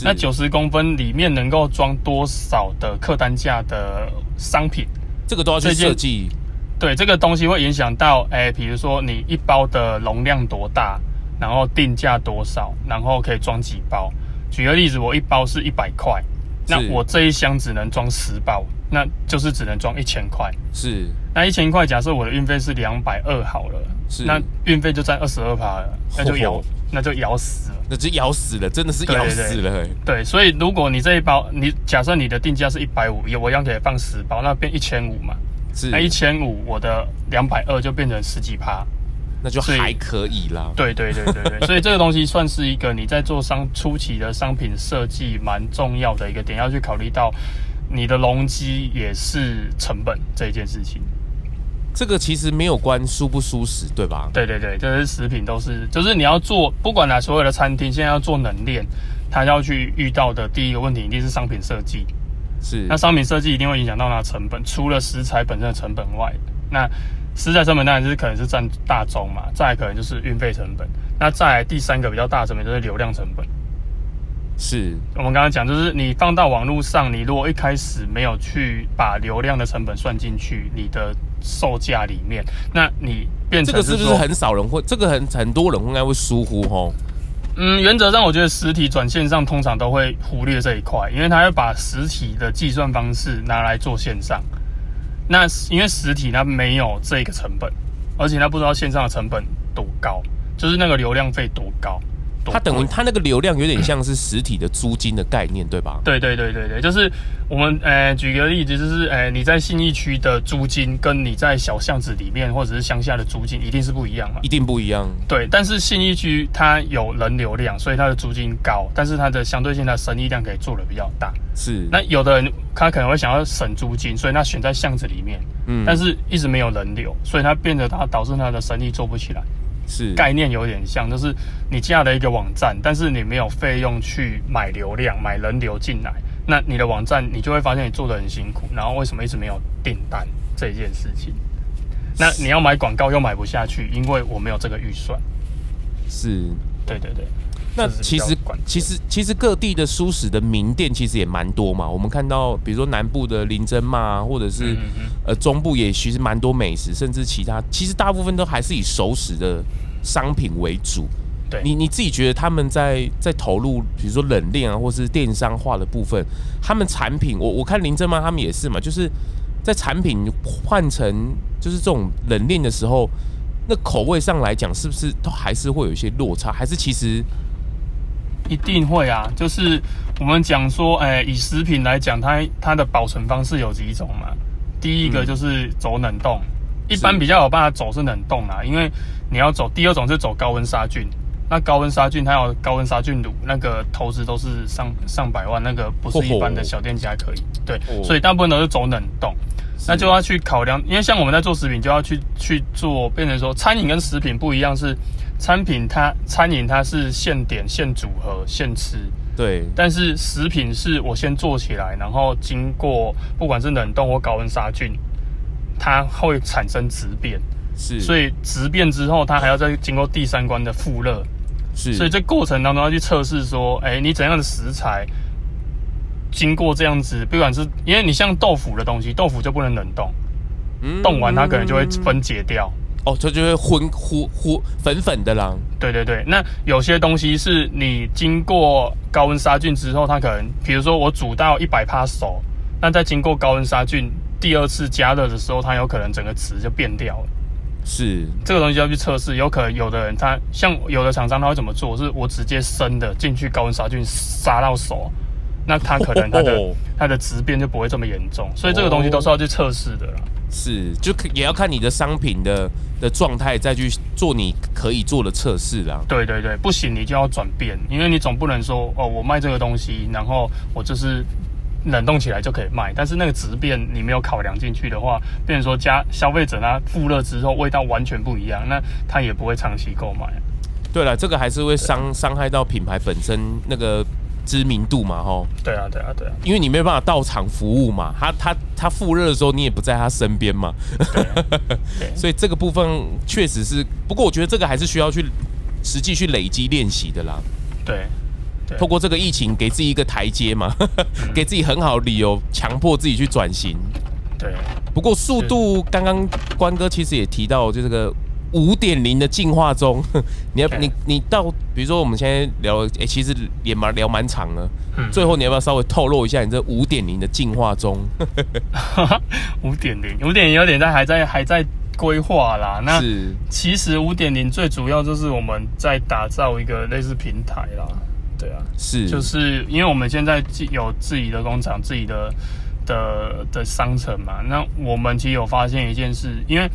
那九十公分裡面能夠裝多少的客單價的商品？這個都要去設計。對，這個東西會影響到，誒、欸、比如說你一包的容量多大，然後定價多少，然後可以裝幾包。舉個例子，我一包是一百塊，那我這一箱只能裝十包。那就是只能裝一千塊，是。那一千塊，假設我的運費是兩百二好了，是。那運費就占二十二趴了，那就咬呵呵，那就咬死了，那就咬死了，真的是咬死了欸。對對，對，對，所以如果你這一包，你假設你的定價是一百五，我一樣可以放十包，那變一千五嘛。是。那一千五，我的兩百二就變成十幾趴，那就還可以啦。所以對，對，對對對對對。 所以這個東西算是一個你在做商初期的商品設計蠻重要的一個點，要去考慮到。你的容積也是成本這一件事情，這個其實沒有關素不素食，對吧？對對對，就是食品都是，就是你要做，不管哪所有的餐廳，現在要做冷鏈，它要去遇到的第一個問題一定是商品設計，是。那商品設計一定會影響到它的成本，除了食材本身的成本外，那食材成本當然是可能是佔大宗嘛，再來可能就是運費成本，那再來第三個比較大的成本就是流量成本。是，我們剛剛講，就是你放到網絡上，你如果一開始沒有去把流量的成本算進去你的售價裡面，那你變成這個是不是很少人會？這個很很多人應該會疏忽吼、哦。嗯，原則上我覺得實體轉線上通常都會忽略這一塊，因為他會把實體的計算方式拿來做線上。那因為實體它沒有這個成本，而且他不知道線上的成本多高，就是那個流量費多高。它等於它那個流量有點像是實體的租金的概念，對吧？對對對對對，就是我們呃舉個例子，就是呃你在信義區的租金，跟你在小巷子裡面或者是鄉下的租金一定是不一樣嘛？一定不一樣。對，但是信義區它有人流量，所以它的租金高，但是它的相對性，它的生意量可以做得比較大。是。那有的人他可能會想要省租金，所以他選在巷子裡面，嗯，但是一直沒有人流，所以它變得它導致它的生意做不起來。是，概念有點像。就是你架了一個網站，但是你沒有費用去買流量、買人流進來，那你的網站你就會發現你做得很辛苦，然後為什麼一直沒有訂單這件事情。那你要買廣告又買不下去，因為我沒有這個預算。是，對對對。那其實，其實，其實各地的蔬食的名店其實也蠻多嘛。我們看到，比如說南部的林珍媽、啊，或者是嗯嗯呃中部也其實蠻多美食，甚至其他，其實大部分都還是以熟食的商品為主。對、嗯，你你自己覺得他們在在投入，比如說冷鏈啊，或者是電商化的部分，他們產品，我我看林珍媽他們也是嘛，就是在產品換成就是這種冷鏈的時候，那口味上來講，是不是都還是會有一些落差，還是其實？一定會啊，就是我們講說，哎，以食品來講，它它的保存方式有幾種嘛？第一個就是走冷凍，嗯、一般比較有辦法走是冷凍啦、啊，因為你要走。第二種是走高溫殺菌，那高溫殺菌它有高溫殺菌爐，那個投資都是上上百萬，那個不是一般的小店家可以。哦、對、哦，所以大部分都是走冷凍，那就要去考量，因為像我們在做食品，就要去去做，變成說餐飲跟食品不一樣是。餐品它餐飲它是現點現組合現吃，對。但是食品是我先做起來，然後經過不管是冷凍或高溫殺菌，它會產生質變。是。所以質變之後，它還要再經過第三關的復熱。是。所以這過程當中要去測試說，哎、欸，你怎樣的食材，經過這樣子，不管是因為你像豆腐的東西，豆腐就不能冷凍，凍、嗯、完它可能就會分解掉。哦，就就會昏、糊糊粉粉的啦。對對對，那有些東西是你經過高溫殺菌之後，它可能，比如說我煮到一百趴熟，那在經過高溫殺菌第二次加熱的時候，它有可能整個詞就變掉了。是，這個東西要去測試，有可能有的人他像有的廠商他會怎麼做？是我直接生的進去高溫殺菌殺到熟。那它可能它的它、oh、的質變就不會這麼嚴重，oh、所以這個東西都是要去測試的啦。是，就也要看你的商品的的狀態，再去做你可以做的測試啦。對對對，不行你就要轉變，因為你總不能說哦，我賣這個東西，然後我就是冷凍起來就可以賣，但是那個質變你沒有考量進去的話，變成說加消費者他復熱之後味道完全不一樣，那他也不會長期購買。對了，這個還是會傷傷害到品牌本身那個。知名度嘛，哈，對啊，對啊，對啊，因為你沒有辦法到場服務嘛，他他他複熱的時候，你也不在他身邊嘛，對、啊， 所以這個部分確實是，不過我覺得這個還是需要去實際去累積練習的啦，對，對、啊，透過這個疫情給自己一個台階嘛， 給自己很好的理由，強迫自己去轉型，對，不過速度，剛剛關哥其實也提到，就這個。五點零的進化中，你要、okay. 你你到，比如說，我們現在聊，欸、其實也蠻聊蠻長了、嗯。最後你要不要稍微透露一下，你這五點零的進化中，五點零，五點零有點在還在還在規劃啦那。是。其實五點零最主要就是我們在打造一個類似平台啦。對啊。是。就是因為我們現在既有自己的工廠，自己的的的商城嘛。那我們其實有發現一件事，因為。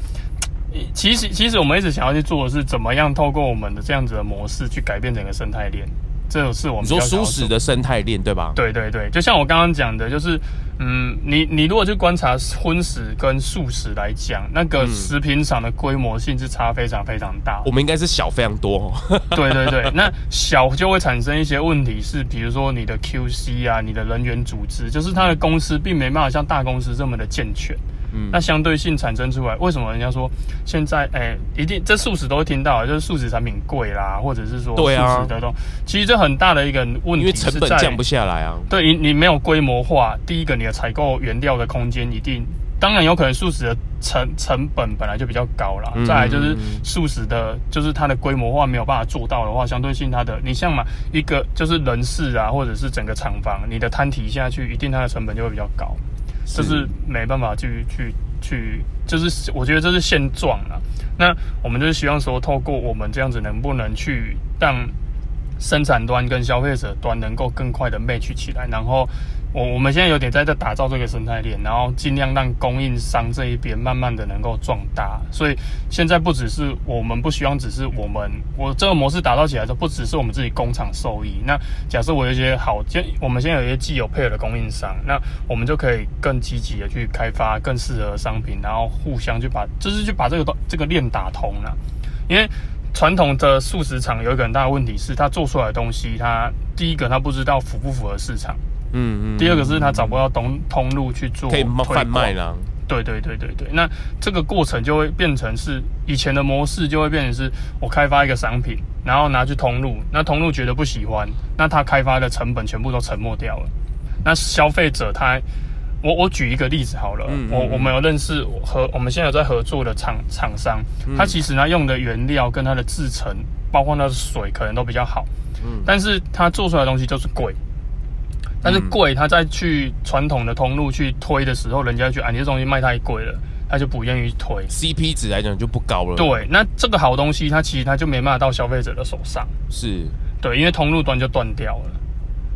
其實，其實我們一直想要去做的是怎麼樣透過我們的這樣子的模式去改變整個生態鏈。這是我們要的。你說，蔬食的生態鏈對吧？對對對，就像我剛剛講的，就是嗯，你你如果去觀察葷食跟素食來講，那個食品廠的規模性質差非常非常大的。我們應該是小非常多。 對對對，那小就會產生一些問題是，比如說你的 QC 啊，你的人員組織，就是它的公司並沒辦法像大公司這麼的健全。嗯，那相對性產生出來，為什麼人家說現在哎、欸，一定這素食都會聽到，就是素食產品貴啦，或者是說素食的東西，對、啊、其實這很大的一個問題是在，因為成本降不下來啊。對，你，你沒有規模化，第一個你的採購原料的空間一定，當然有可能素食的成成本，本本來就比較高了、嗯嗯嗯。再來就是素食的，就是它的規模化沒有辦法做到的話，相對性它的，你像嘛一個就是人事啊，或者是整個廠房，你的攤提下去，一定它的成本就會比較高。是，這是沒辦法去去去，就是我覺得這是現狀了、啊。那我們就是希望說，透過我們這樣子，能不能去讓生產端跟消費者端能夠更快地 match 起來，然後。我我們現在有點在這打造這個生態鏈，然後盡量讓供應商這一邊慢慢的能夠壯大。所以現在不只是我們，不希望只是我們，我這個模式打造起來之後，不只是我們自己工廠受益。那假設我有一些好，就我們現在有一些既有配合的供應商，那我們就可以更積極的去開發更適合商品，然後互相去把，就是去把這個東這個鏈打通了啊。因為傳統的素食廠有一個很大的問題是，是它做出來的東西，它第一個它不知道符不符合市場。嗯,嗯，第二個是他找不到通通路去做，可以販賣了。對對對對對，那這個過程就會變成是以前的模式，就會變成是我開發一個商品，然後拿去通路，那通路覺得不喜歡，那他開發的成本全部都沉沒掉了。那消費者他，我我舉一個例子好了，嗯、我我們有認識和我們現在有在合作的廠廠商，他其實他用的原料跟他的制程，包括他的水可能都比較好，嗯、但是他做出來的東西就是貴。但是貴，他在去傳統的通路去推的時候，人家去啊，你這東西賣太貴了，他就不願意推。CP 值來講就不高了。對，那這個好東西，它其實它就沒辦法到消費者的手上。是對，因為通路端就斷掉了。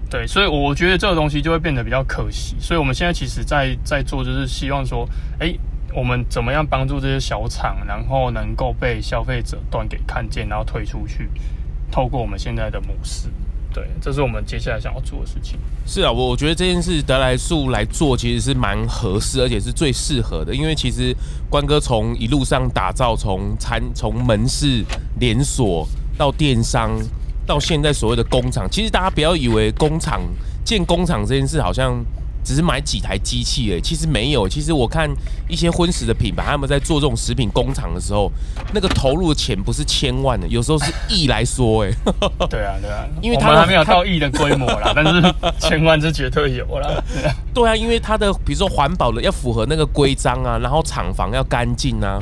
對，所以我覺得這個東西就會變得比較可惜。所以我們現在其實在，在在做，就是希望說，哎、欸，我們怎麼樣幫助這些小廠，然後能夠被消費者端給看見，然後推出去，透過我們現在的模式。對，這是我們接下來想要做的事情。是啊，我我覺得這件事得來素來做其實是蠻合適，而且是最適合的。因為其實關哥從一路上打造，從餐，從門市連鎖到電商，到現在所謂的工廠，其實大家不要以為工廠建工廠這件事好像。只是買幾台機器其實沒有。其實我看一些葷食的品牌，他們在做這種食品工廠的時候，那個投入的錢不是千萬的，有時候是億、e、來說哎、欸。對啊，對啊，因為他們還沒有到億、e、的規模啦， 但是千萬是絕對有啦。對啊，對啊，因為它的比如說環保的要符合那個規章啊，然後廠房要乾淨啊。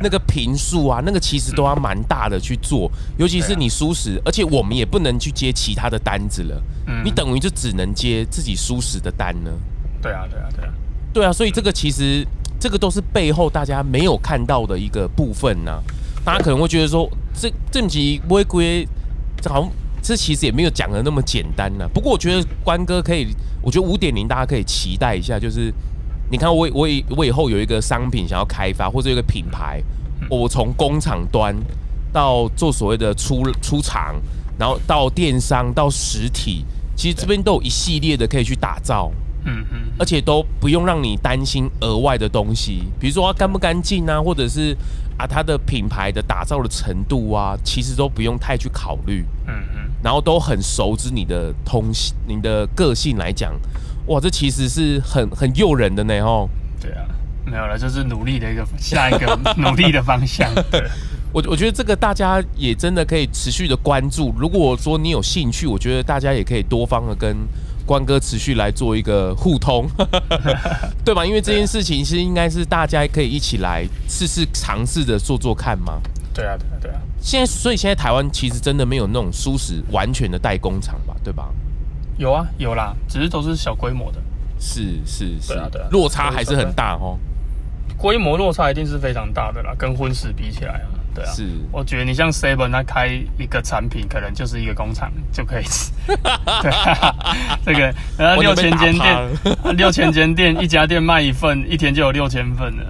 那個坪數啊，那個其實都要蠻大的去做，嗯、尤其是你蔬食、嗯，而且我們也不能去接其他的單子了，嗯、你等於就只能接自己蔬食的單呢、嗯。對啊，對啊，對啊，對啊，所以這個其實這個都是背後大家沒有看到的一個部分呢、啊。大家可能會覺得說，這這麼幾違規，這好像這其實也沒有講得那麼簡單呢、啊。不過我覺得關哥可以，我覺得五點零大家可以期待一下，就是。你看，我我以我以後有一個商品想要開發，或者有一個品牌，我從工廠端到做所謂的出出廠，然後到電商到實體，其實這邊都有一系列的可以去打造，嗯嗯，而且都不用讓你擔心額外的東西，比如說、啊、乾不乾淨啊，或者是啊它的品牌的打造的程度啊，其實都不用太去考慮，嗯嗯，然後都很熟知你的通，你的個性來講。哇，這其實是很很誘人的呢哦，對啊，沒有了，就是努力的一個下一個努力的方向。 我我覺得這個大家也真的可以持續的關注。如果說你有興趣，我覺得大家也可以多方的跟關哥持續來做一個互通， 對吧？因為這件事情是應該是大家可以一起來試試嘗試着做做看嘛。對啊，對啊。對啊，現在所以現在台灣其實真的沒有那種蔬食完全的代工廠吧？對吧？有啊，有啦，只是都是小規模的。是是是、啊啊，落差還是很大哦的。規模落差一定是非常大的啦，跟葷食比起來嘛，啊，對啊。是，我覺得你像 seven，他開一個產品，可能就是一個工廠就可以吃。 對、啊， 這個，然後六千間店， 六千間店，一家店賣一份，一天就有六千份，啊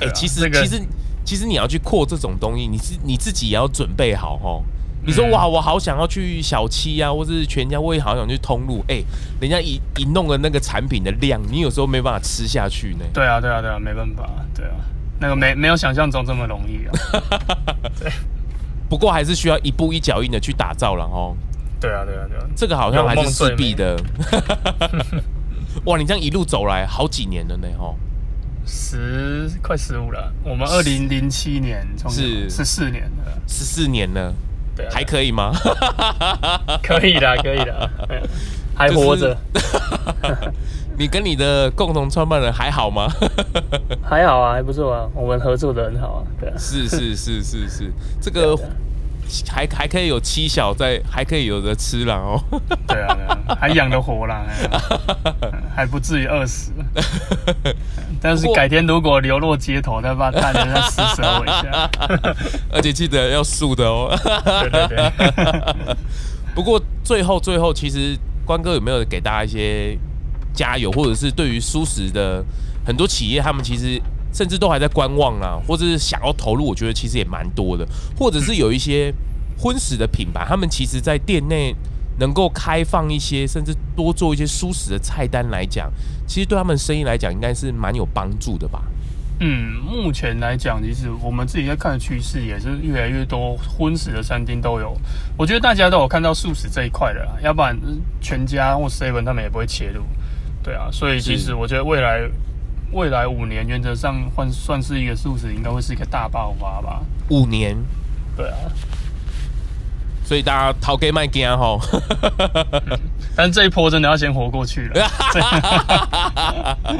欸、其實、這個、其實其實你要去擴這種東西，你自你自己也要準備好哦。嗯、你說哇，我好想要去小七啊，或是全家，我也好想去通路。哎、欸，人家一一弄了那個產品的量，你有時候沒辦法吃下去呢。對啊，對啊，對啊，沒辦法，對啊，那個沒沒有想象中這麼容易啊。 對，不過還是需要一步一腳印的去打造了吼、哦啊。對啊，對啊，對啊。這個好像還是自閉的。 哇，你這樣一路走來好幾年了呢吼、哦。十快十五了，我們二零零七年、年。是。十四年了，十四年了。啊、還可以嗎？ 可以的，可以的、就是，還活着 你跟你的共同創辦人還好嗎？ 還好啊，還不錯啊，我們合作得很好啊。對啊，是是是是是，這個、 啊。還還可以有妻小在，還可以有的吃啦哦，對啊。對啊，啊，還養得活啦， 還不至於餓死。 但是改天如果流落街頭的話，大人再施捨我一下。 而且記得要素的哦。 對對對。 不過最後最後，其實關哥有沒有給大家一些加油，或者是對於蔬食的很多企業，他們其實。甚至都還在觀望啊，或者是想要投入，我覺得其實也蠻多的，或者是有一些葷食的品牌，他們其實，在店內能夠開放一些，甚至多做一些蔬食的菜單來講，其實對他們生意來講，應該是蠻有幫助的吧。嗯，目前來講，其實我們自己在看的趨勢，也是越來越多葷食的餐廳都有。我覺得大家都有看到素食這一塊的，要不然全家或 seven 他們也不會切入。對啊，所以其實我覺得未來。未來五年，原則上換算是一個數字，應該會是一個大爆發吧？五年，對啊，所以大家逃開賣啊，吼，但這一波真的要先活過去了。然 後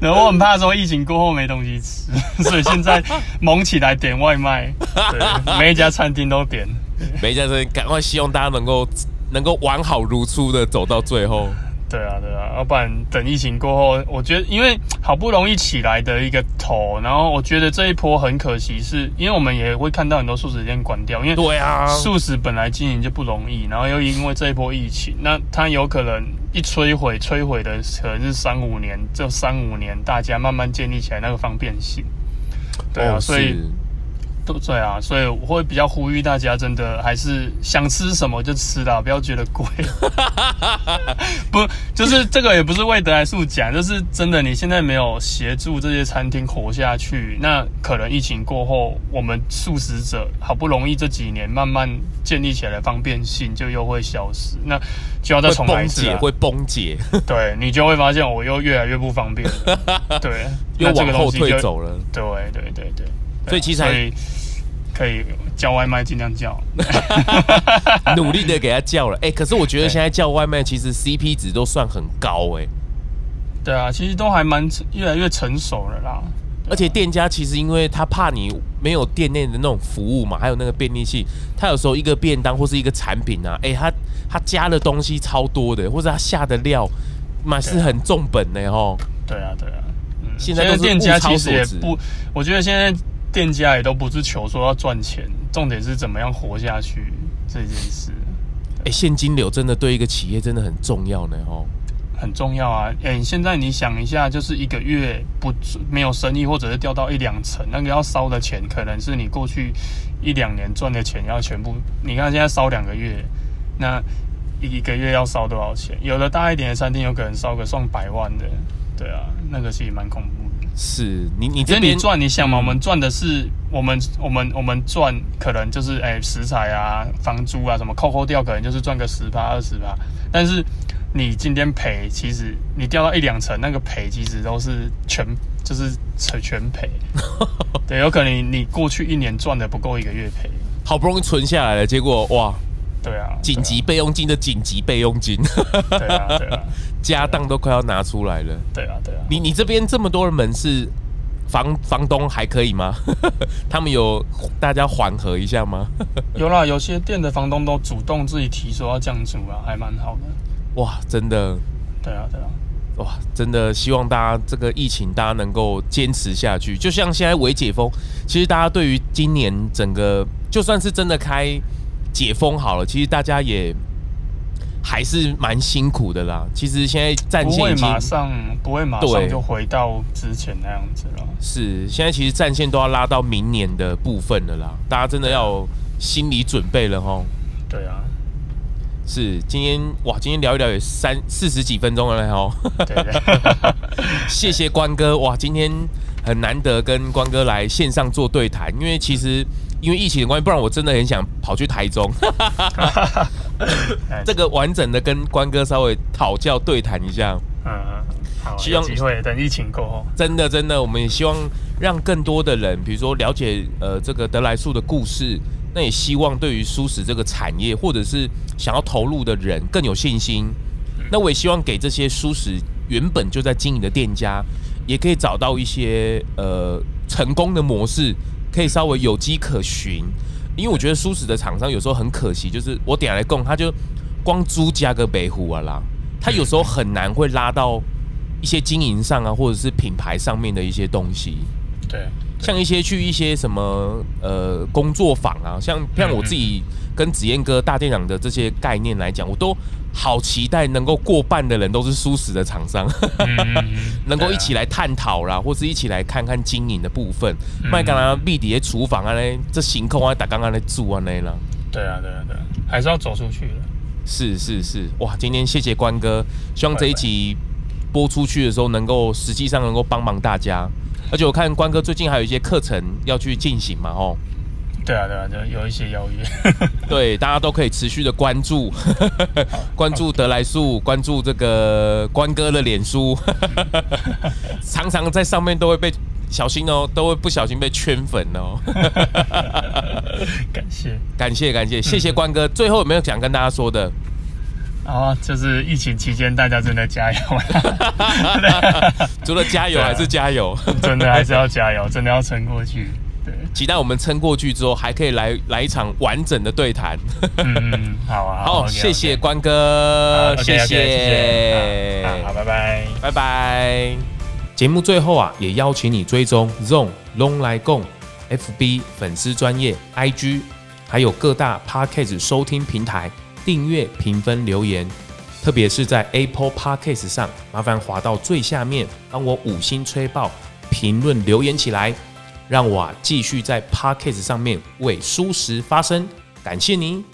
對 我很怕說疫情過後沒東西吃，所以現在蒙起來點外賣，每一家餐廳都點。每一家餐廳，趕快希望大家能夠能夠完好如初的走到最後。對啊，對啊，要不然等疫情過後，我覺得因為好不容易起來的一個頭，然後我覺得這一波很可惜是，是因為我們也會看到很多素食店關掉，因為對啊，素食本來經營就不容易，然後又因為這一波疫情，那它有可能一摧毀，摧毀的可能是三五年，這三五年大家慢慢建立起來那個方便性，對啊，所以，哦。對啊，所以我會比較呼籲大家，真的還是想吃什麼就吃啦，不要覺得貴。哈哈哈，不，就是這個也不是為得來素講，就是真的，你現在沒有協助這些餐廳活下去，那可能疫情過後，我們素食者好不容易這幾年慢慢建立起來的方便性，就又會消失，那就要再重來一次啊。會崩解，會崩解 對，你就會發現我又越來越不方便了。對，那這個東西往後退走了對。對對對對。所以其實還可以叫外賣，盡量叫， 努力的給他叫了。哎，可是我覺得現在叫外賣其實 CP 值，都算很高哎。對啊，其實都還蠻越來越成熟了啦。而且店家其實因為他怕你沒有店內的那種服務嘛，還有那個便利器，他有時候一個便當或是一個產品啊，哎，他他加的東西超多的，或者他下的料嘛是很重本的吼。對啊，對啊，現在的店家其實也不，我覺得現在。店家也都不是求說要賺錢，重點是怎麼樣活下去這件事、欸。現金流真的對一個企業真的很重要呢哦，很重要啊。哎、欸，現在你想一下，就是一個月不沒有生意，或者是掉到一兩成，那個要燒的錢，可能是你過去一兩年賺的錢要全部。你看現在燒兩個月，那一個月要燒多少錢？有的大一點的餐廳，有可能燒個上百萬的，對啊，那個其實也蠻恐怖的。是你，你覺你賺？你想嘛，嗯、我們賺的是，我們，我們，我們賺，可能就是、欸，食材啊，房租啊，什麼扣扣掉，可能就是賺個十趴二十趴。但是你今天賠，其實你掉到一兩成，那個賠其實都是全，就是全全賠。 對，有可能你，你過去一年賺的不夠一個月賠，好不容易存下來了，結果哇。對啊，緊急備用金的緊急備用金，對啊，對啊，對，啊，對，啊對啊，家當都快要拿出來了。對啊，對啊，對，啊對啊，你你這邊這麼多的門市，房房東還可以嗎？ 他們有大家緩和一下嗎？ 有啦，有些店的房東都主動自己提出要降租啊，還蠻好的。哇，真的。對啊對啊，對啊。哇，真的希望大家這個疫情大家能夠堅持下去。就像現在微解封，其實大家對於今年整個就算是真的開。解封好了，其實大家也還是蠻辛苦的啦。其實現在戰線馬上不會馬上就回到之前那樣子了。是，現在其實戰線都要拉到明年的部分了啦，大家真的要心理準備了哦。對啊，是。今天哇，今天聊一聊也三四十幾分鐘了嘞哦。 對對 謝謝關哥哇，今天很難得跟關哥來線上做對談，因為其實。因為疫情的關係，不然我真的很想跑去台中， 這個完整的跟關哥稍微討教對談一下。嗯，好，希望機會等疫情過後。真的真的，我們也希望讓更多的人，比如說了解呃這個得來素的故事，那也希望對於蔬食這個產業，或者是想要投入的人更有信心。那我也希望給這些蔬食原本就在經營的店家，也可以找到一些呃成功的模式。可以稍微有機可循，因為我覺得蔬食的廠商有時候很可惜，就是我點來供他就光租加個北湖啊啦，他有時候很難會拉到一些經營上啊，或者是品牌上面的一些東西。對，對像一些去一些什麼呃工作坊啊，像像我自己。嗯嗯跟紫燕哥、大店長的這些概念來講，我都好期待能夠過半的人都是蔬食的廠商、嗯，嗯嗯、 能夠一起來探討啦、啊，或是一起來看看經營的部分，麥當勞底體廚房啊，那這行空啊，打剛剛的住啊，那了。對啊，對啊，對啊，還是要走出去了。是是是，哇！今天謝謝關哥，希望這一集播出去的時候，能夠實際上能夠幫忙大家。而且我看關哥最近還有一些課程要去進行嘛，吼。對啊，對啊，有有一些邀約， 對，大家都可以持續的關注， 關注得來素，關注這個關哥的臉書， 常常在上面都會被小心哦，都會不小心被圈粉哦。 感謝，感謝，感謝，謝謝關哥。嗯、最後有沒有想跟大家說的？啊、哦，就是疫情期間大家真的加油 啊，除了加油還是加油，啊、 真的還是要加油，真的要撐過去。期待我們撐過去之後，還可以來來一場完整的對談。嗯。好啊，好，好 OK, 謝謝關哥，OK, 謝謝, OK, OK, 謝，謝、啊啊，好，拜拜，拜拜。節目最後啊，也邀請你追蹤 ZONG 嚨來共 FB 粉絲專頁 IG、還有各大 Podcast 收聽平台訂閱、評分、留言，特別是在 Apple Podcast 上，麻煩滑到最下面，幫我五星吹爆，評論留言起來。讓我、啊、繼續在 Podcast 上面為蔬食發聲，感謝您。